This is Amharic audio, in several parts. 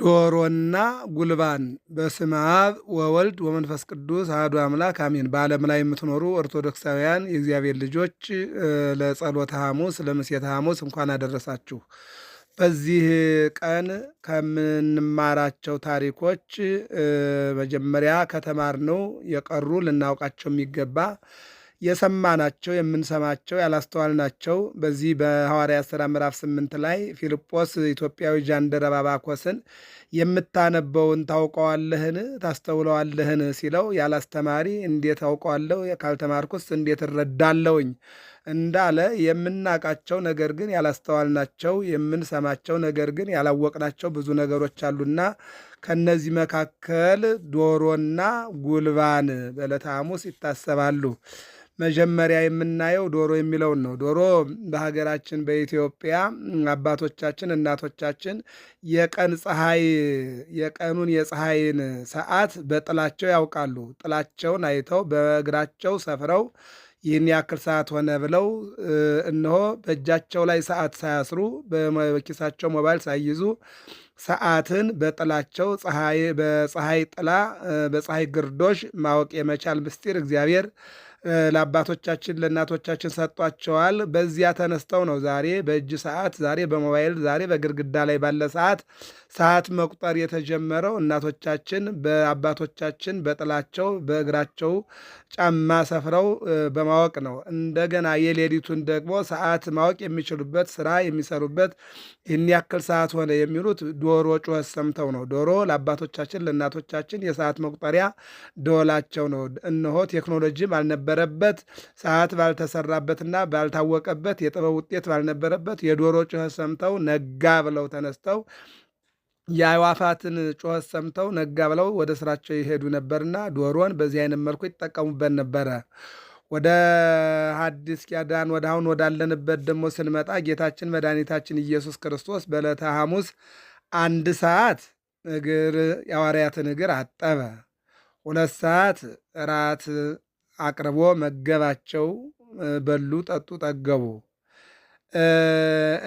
ዶሮና ጉልባን በስመ አብ ወወልድ ወመንፈስ ቅዱስ አሐዱ አምላክ አሜን። በዓለም ላይ የምትኖሩ ኦርቶዶክሳውያን የእግዚአብሔር ልጆች ለጸሎተ ሐሙስ ለምሴተ ሐሙስ እንኳን አደረሳችሁ። በዚህ ቀን ከምንማራቸው ታሪኮች መጀመሪያ ከተማርነው የቀሩ ልናውቃቸው የሚገባ የሰማናቸው የምንሰማቸው ያላስተዋልናቸው በዚህ በሐዋርያት ሥራ ምዕራፍ ስምንት ላይ ፊልጶስ ኢትዮጵያዊ ጃንደረባ ባኮስን የምታነበውን ታውቀዋለህን ታስተውለዋለህን ሲለው ያላስተማሪ እንዴት አውቀዋለሁ ካልተማርኩስ እንዴት እረዳለሁኝ እንዳለ የምናቃቸው ነገር ግን ያላስተዋልናቸው የምንሰማቸው ነገር ግን ያላወቅናቸው ብዙ ነገሮች አሉና ከነዚህ መካከል ዶሮና ጉልባን በዕለተ ሐሙስ ይታሰባሉ። መጀመሪያ የምናየው ዶሮ የሚለውን ነው። ዶሮ በሀገራችን በኢትዮጵያ አባቶቻችን እናቶቻችን የቀን ፀሐይ የቀኑን የፀሐይን ሰዓት በጥላቸው ያውቃሉ። ጥላቸውን አይተው በእግራቸው ሰፍረው ይህን ያክል ሰዓት ሆነ ብለው እነሆ በእጃቸው ላይ ሰዓት ሳያስሩ በኪሳቸው ሞባይል ሳይይዙ ሰዓትን በጥላቸው በፀሐይ ጥላ በፀሐይ ግርዶሽ ማወቅ የመቻል ምስጢር እግዚአብሔር ለአባቶቻችን ለእናቶቻችን ሰጧቸዋል። በዚያ ተነስተው ነው ዛሬ በእጅ ሰዓት፣ ዛሬ በሞባይል፣ ዛሬ በግድግዳ ላይ ባለ ሰዓት ሰዓት መቁጠር የተጀመረው። እናቶቻችን በአባቶቻችን በጥላቸው በእግራቸው ጫማ ሰፍረው በማወቅ ነው። እንደገና የሌሊቱን ደግሞ ሰዓት ማወቅ የሚችሉበት ስራ የሚሰሩበት ይህን ያክል ሰዓት ሆነ የሚሉት ዶሮ ጩኸት ሰምተው ነው። ዶሮ ለአባቶቻችን ለእናቶቻችን የሰዓት መቁጠሪያ ደወላቸው ነው። እነሆ ቴክኖሎጂም አልነበረ ባልነበረበት ሰዓት ባልተሰራበትና ባልታወቀበት የጥበብ ውጤት ባልነበረበት የዶሮ ጩኸት ሰምተው ነጋ ብለው ተነስተው የአዕዋፋትን ጩኸት ሰምተው ነጋ ብለው ወደ ስራቸው ይሄዱ ነበርና ዶሮን በዚህ አይነት መልኩ ይጠቀሙበት ነበረ። ወደ ሐዲስ ኪዳን ወደ አሁን ወዳለንበት ደግሞ ስንመጣ ጌታችን መድኃኒታችን ኢየሱስ ክርስቶስ በዕለተ ሐሙስ አንድ ሰዓት እግር የሐዋርያትን እግር አጠበ። ሁለት ሰዓት እራት አቅርቦ መገባቸው፣ በሉ፣ ጠጡ፣ ጠገቡ።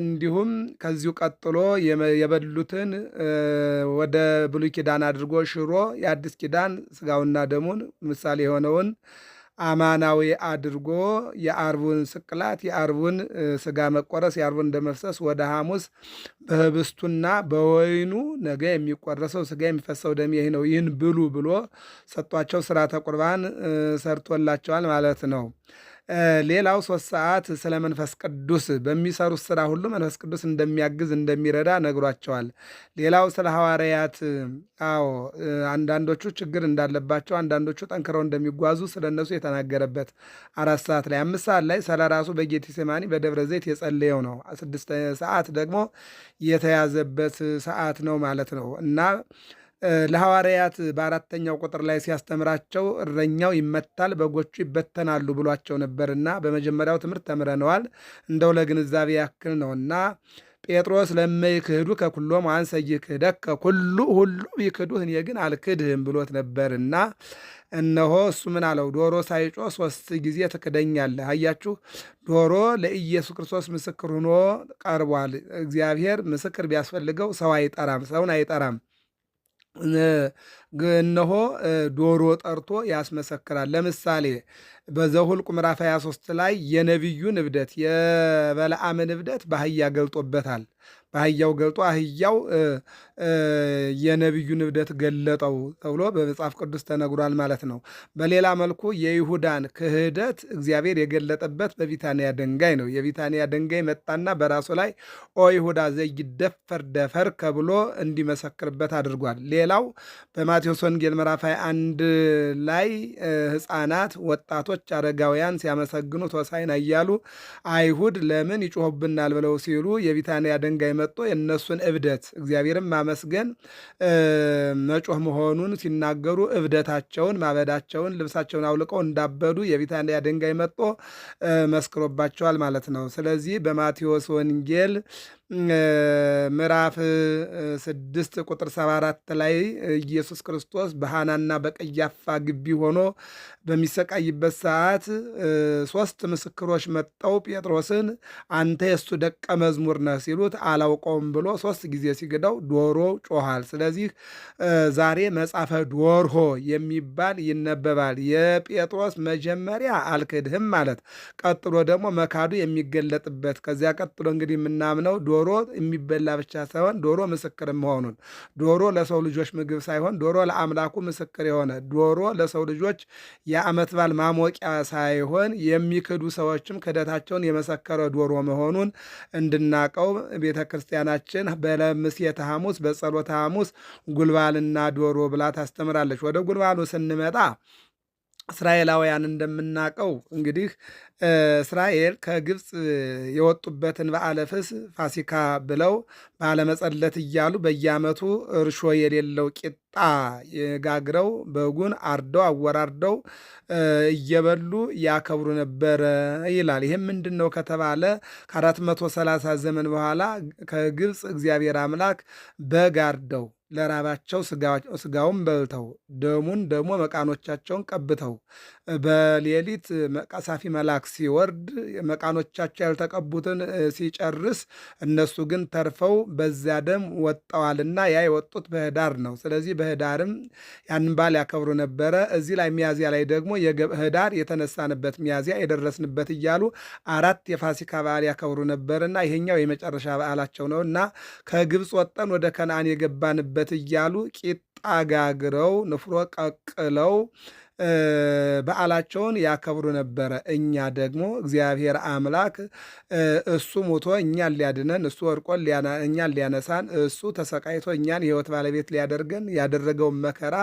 እንዲሁም ከዚሁ ቀጥሎ የበሉትን ወደ ብሉይ ኪዳን አድርጎ ሽሮ የአዲስ ኪዳን ስጋውና ደሙን ምሳሌ የሆነውን አማናዊ አድርጎ የአርቡን ስቅላት የአርቡን ስጋ መቆረስ የአርቡን እንደመፍሰስ ወደ ሐሙስ በህብስቱና በወይኑ ነገ የሚቆረሰው ስጋ የሚፈሰው ደም ይህ ነው፣ ይህን ብሉ ብሎ ሰጧቸው። ስርዓተ ቁርባን ሰርቶላቸዋል ማለት ነው። ሌላው ሶስት ሰዓት ስለ መንፈስ ቅዱስ በሚሰሩት ስራ ሁሉ መንፈስ ቅዱስ እንደሚያግዝ እንደሚረዳ ነግሯቸዋል። ሌላው ስለ ሐዋርያት፣ አዎ አንዳንዶቹ ችግር እንዳለባቸው፣ አንዳንዶቹ ጠንክረው እንደሚጓዙ ስለ እነሱ የተናገረበት አራት ሰዓት ላይ፣ አምስት ሰዓት ላይ ስለ ራሱ በጌቴሴማኒ በደብረ ዘይት የጸለየው ነው። ስድስት ሰዓት ደግሞ የተያዘበት ሰዓት ነው ማለት ነው እና ለሐዋርያት በአራተኛው ቁጥር ላይ ሲያስተምራቸው እረኛው ይመታል በጎቹ ይበተናሉ ብሏቸው ነበርና በመጀመሪያው ትምህርት ተምረነዋል። እንደው ለግንዛቤ ያክል ነውና ጴጥሮስ ለመይ ክህዱ ከኩሎም አንሰ ይክህደከ ሁሉ ሁሉ ቢክዱህ እኔ ግን አልክድህም ብሎት ነበርና እነሆ እሱ ምን አለው? ዶሮ ሳይጮ ሶስት ጊዜ ትክደኛለህ። አያችሁ፣ ዶሮ ለኢየሱስ ክርስቶስ ምስክር ሆኖ ቀርቧል። እግዚአብሔር ምስክር ቢያስፈልገው ሰው አይጠራም፣ ሰውን አይጠራም። 那。እነሆ ዶሮ ጠርቶ ያስመሰክራል። ለምሳሌ በዘሁልቁ ምዕራፍ 23 ላይ የነቢዩን እብደት የበለዓምን እብደት በአህያ ገልጦበታል። በአህያው ገልጦ አህያው የነቢዩን እብደት ገለጠው ተብሎ በመጽሐፍ ቅዱስ ተነግሯል ማለት ነው። በሌላ መልኩ የይሁዳን ክህደት እግዚአብሔር የገለጠበት በቢታንያ ድንጋይ ነው። የቢታንያ ድንጋይ መጣና በራሱ ላይ ኦ ይሁዳ ዘይደፈር ደፈር ብሎ እንዲመሰክርበት አድርጓል። ሌላው በማ ማቴዎስ ወንጌል ምዕራፍ አንድ ላይ ሕፃናት፣ ወጣቶች፣ አረጋውያን ሲያመሰግኑት ሆሳዕና እያሉ አይሁድ ለምን ይጮህብናል ብለው ሲሉ የቢታንያ ድንጋይ መጥቶ የእነሱን እብደት እግዚአብሔርን ማመስገን መጮህ መሆኑን ሲናገሩ እብደታቸውን፣ ማበዳቸውን፣ ልብሳቸውን አውልቀው እንዳበዱ የቢታንያ ድንጋይ መጥቶ መስክሮባቸዋል ማለት ነው። ስለዚህ በማቴዎስ ወንጌል ምዕራፍ ስድስት ቁጥር ሰባ አራት ላይ ኢየሱስ ክርስቶስ በሃናና በቀያፋ ግቢ ሆኖ በሚሰቃይበት ሰዓት ሶስት ምስክሮች መጠው ጴጥሮስን አንተ የእሱ ደቀ መዝሙር ነህ ሲሉት አላውቀውም ብሎ ሶስት ጊዜ ሲግደው ዶሮ ጮኋል። ስለዚህ ዛሬ መጽሐፈ ዶርሆ የሚባል ይነበባል። የጴጥሮስ መጀመሪያ አልክድህም ማለት፣ ቀጥሎ ደግሞ መካዱ የሚገለጥበት ከዚያ ቀጥሎ እንግዲህ የምናምነው ዶሮ የሚበላ ብቻ ሳይሆን ዶሮ ምስክር መሆኑን ዶሮ ለሰው ልጆች ምግብ ሳይሆን ዶሮ ለአምላኩ ምስክር የሆነ ዶሮ ለሰው ልጆች የዓመት በዓል ማሞቂያ ሳይሆን የሚክዱ ሰዎችም ክደታቸውን የመሰከረ ዶሮ መሆኑን እንድናቀው ቤተ ክርስቲያናችን በለምሴተ ሐሙስ በጸሎተ ሐሙስ ጉልባልና ዶሮ ብላ ታስተምራለች። ወደ ጉልባሉ ስንመጣ እስራኤላውያን እንደምናቀው እንግዲህ እስራኤል ከግብፅ የወጡበትን በዓለ ፍስ ፋሲካ ብለው ባለመጸለት እያሉ በየዓመቱ እርሾ የሌለው ቂጣ ጋግረው በጉን አርደው አወራርደው እየበሉ ያከብሩ ነበረ ይላል። ይህም ምንድን ነው ከተባለ ከአራት መቶ ሰላሳ ዘመን በኋላ ከግብፅ እግዚአብሔር አምላክ በግ አርደው ለራባቸው ስጋውን በልተው ደሙን ደግሞ መቃኖቻቸውን ቀብተው በሌሊት ቀሳፊ መልአክ ሲወርድ መቃኖቻቸው ያልተቀቡትን ሲጨርስ እነሱ ግን ተርፈው በዚያ ደም ወጠዋልና ያ የወጡት በህዳር ነው። ስለዚህ በህዳርም ያንን በዓል ያከብሩ ነበረ። እዚህ ላይ ሚያዚያ ላይ ደግሞ ህዳር የተነሳንበት ሚያዚያ የደረስንበት እያሉ አራት የፋሲካ በዓል ያከብሩ ነበርና ይሄኛው የመጨረሻ በዓላቸው ነው እና ከግብፅ ወጠን ወደ ከነአን የገባንበት አለበት እያሉ ቂጣ ጋግረው ንፍሮ ቀቅለው በዓላቸውን ያከብሩ ነበረ። እኛ ደግሞ እግዚአብሔር አምላክ እሱ ሙቶ እኛን ሊያድነን፣ እሱ ወድቆ እኛን ሊያነሳን፣ እሱ ተሰቃይቶ እኛን የህይወት ባለቤት ሊያደርገን ያደረገውን መከራ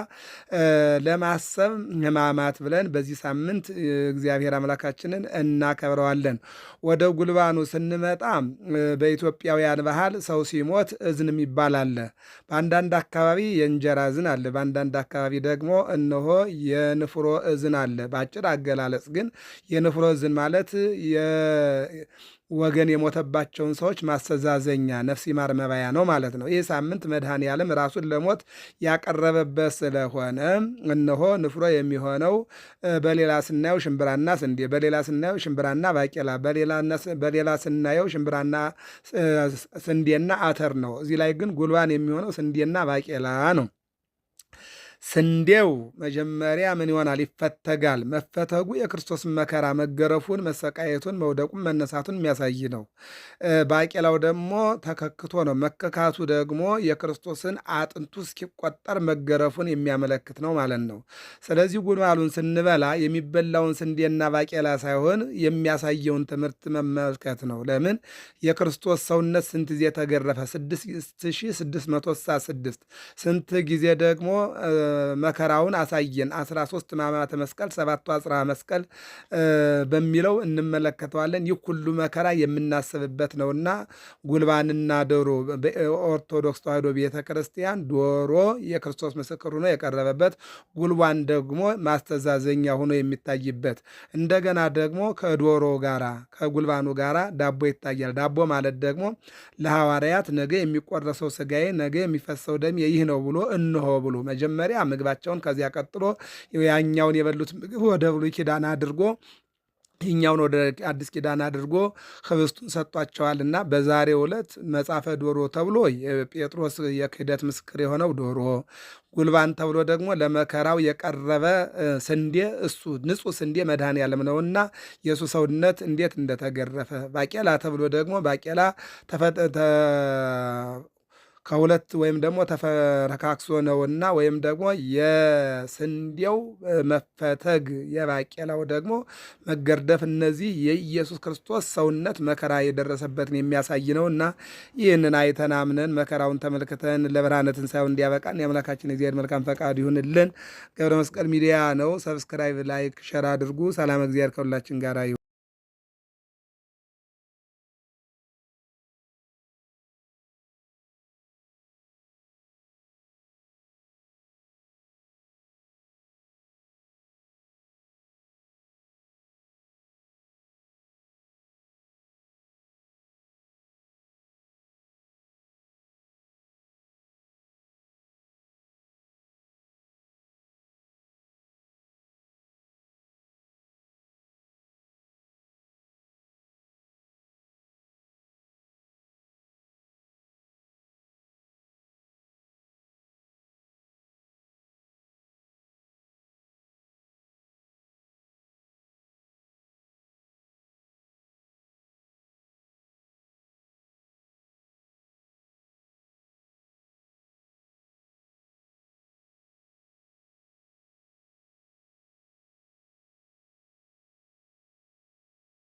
ለማሰብ ህማማት ብለን በዚህ ሳምንት እግዚአብሔር አምላካችንን እናከብረዋለን። ወደ ጉልባኑ ስንመጣ በኢትዮጵያውያን ባህል ሰው ሲሞት እዝን የሚባል አለ። በአንዳንድ አካባቢ የእንጀራ እዝን አለ። በአንዳንድ አካባቢ ደግሞ እነሆ ንፍሮ እዝን አለ። በአጭር አገላለጽ ግን የንፍሮ እዝን ማለት ወገን የሞተባቸውን ሰዎች ማስተዛዘኛ ነፍስ ይማር መባያ ነው ማለት ነው። ይህ ሳምንት መድኃኔ ዓለም ራሱን ለሞት ያቀረበበት ስለሆነ እነሆ ንፍሮ የሚሆነው በሌላ ስናየው ሽምብራና ስንዴ፣ በሌላ ስናየው ሽምብራና ባቄላ፣ በሌላ ስናየው ሽምብራና ስንዴና አተር ነው። እዚህ ላይ ግን ጉልባን የሚሆነው ስንዴና ባቄላ ነው። ስንዴው መጀመሪያ ምን ይሆናል? ይፈተጋል። መፈተጉ የክርስቶስን መከራ መገረፉን፣ መሰቃየቱን፣ መውደቁን፣ መነሳቱን የሚያሳይ ነው። ባቄላው ደግሞ ተከክቶ ነው። መከካቱ ደግሞ የክርስቶስን አጥንቱ እስኪቆጠር መገረፉን የሚያመለክት ነው ማለት ነው። ስለዚህ ጉልባሉን ስንበላ የሚበላውን ስንዴና ባቄላ ሳይሆን የሚያሳየውን ትምህርት መመልከት ነው። ለምን የክርስቶስ ሰውነት ስንት ጊዜ ተገረፈ? 6666 ስንት ጊዜ ደግሞ መከራውን አሳየን። አስራ ሶስት ሕማማተ መስቀል ሰባቱ አጽርሐ መስቀል በሚለው እንመለከተዋለን። ይህ ሁሉ መከራ የምናስብበት ነውና ጉልባንና ዶሮ በኦርቶዶክስ ተዋሕዶ ቤተ ክርስቲያን ዶሮ የክርስቶስ ምስክር ሆኖ የቀረበበት ጉልባን ደግሞ ማስተዛዘኛ ሆኖ የሚታይበት እንደገና ደግሞ ከዶሮ ጋራ ከጉልባኑ ጋራ ዳቦ ይታያል። ዳቦ ማለት ደግሞ ለሐዋርያት ነገ የሚቆረሰው ስጋዬ ነገ የሚፈሰው ደም ይህ ነው ብሎ እንሆ ብሎ መጀመሪያ መጀመሪያ ምግባቸውን ከዚያ ቀጥሎ ያኛውን የበሉት ምግብ ወደ ብሉይ ኪዳን አድርጎ ይኛውን ወደ አዲስ ኪዳን አድርጎ ህብስቱን ሰጧቸዋልና በዛሬ ዕለት መጻፈ ዶሮ ተብሎ የጴጥሮስ የክህደት ምስክር የሆነው ዶሮ ጉልባን ተብሎ ደግሞ ለመከራው የቀረበ ስንዴ እሱ ንጹህ ስንዴ መድኃኔዓለም ነውና የእሱ ሰውነት እንዴት እንደተገረፈ ባቄላ ተብሎ ደግሞ ባቄላ ከሁለት ወይም ደግሞ ተፈረካክሶ ነውና ወይም ደግሞ የስንዴው መፈተግ የባቄላው ደግሞ መገርደፍ እነዚህ የኢየሱስ ክርስቶስ ሰውነት መከራ የደረሰበትን የሚያሳይ እና ይህንን አይተን አምነን መከራውን ተመልክተን ለብርሃነ ትንሣኤው እንዲያበቃን የአምላካችን እግዚአብሔር መልካም ፈቃድ ይሁንልን። ገብረ መስቀል ሚዲያ ነው። ሰብስክራይብ፣ ላይክ፣ ሸር አድርጉ። ሰላም እግዚአብሔር ከሁላችን ጋር ይሁን።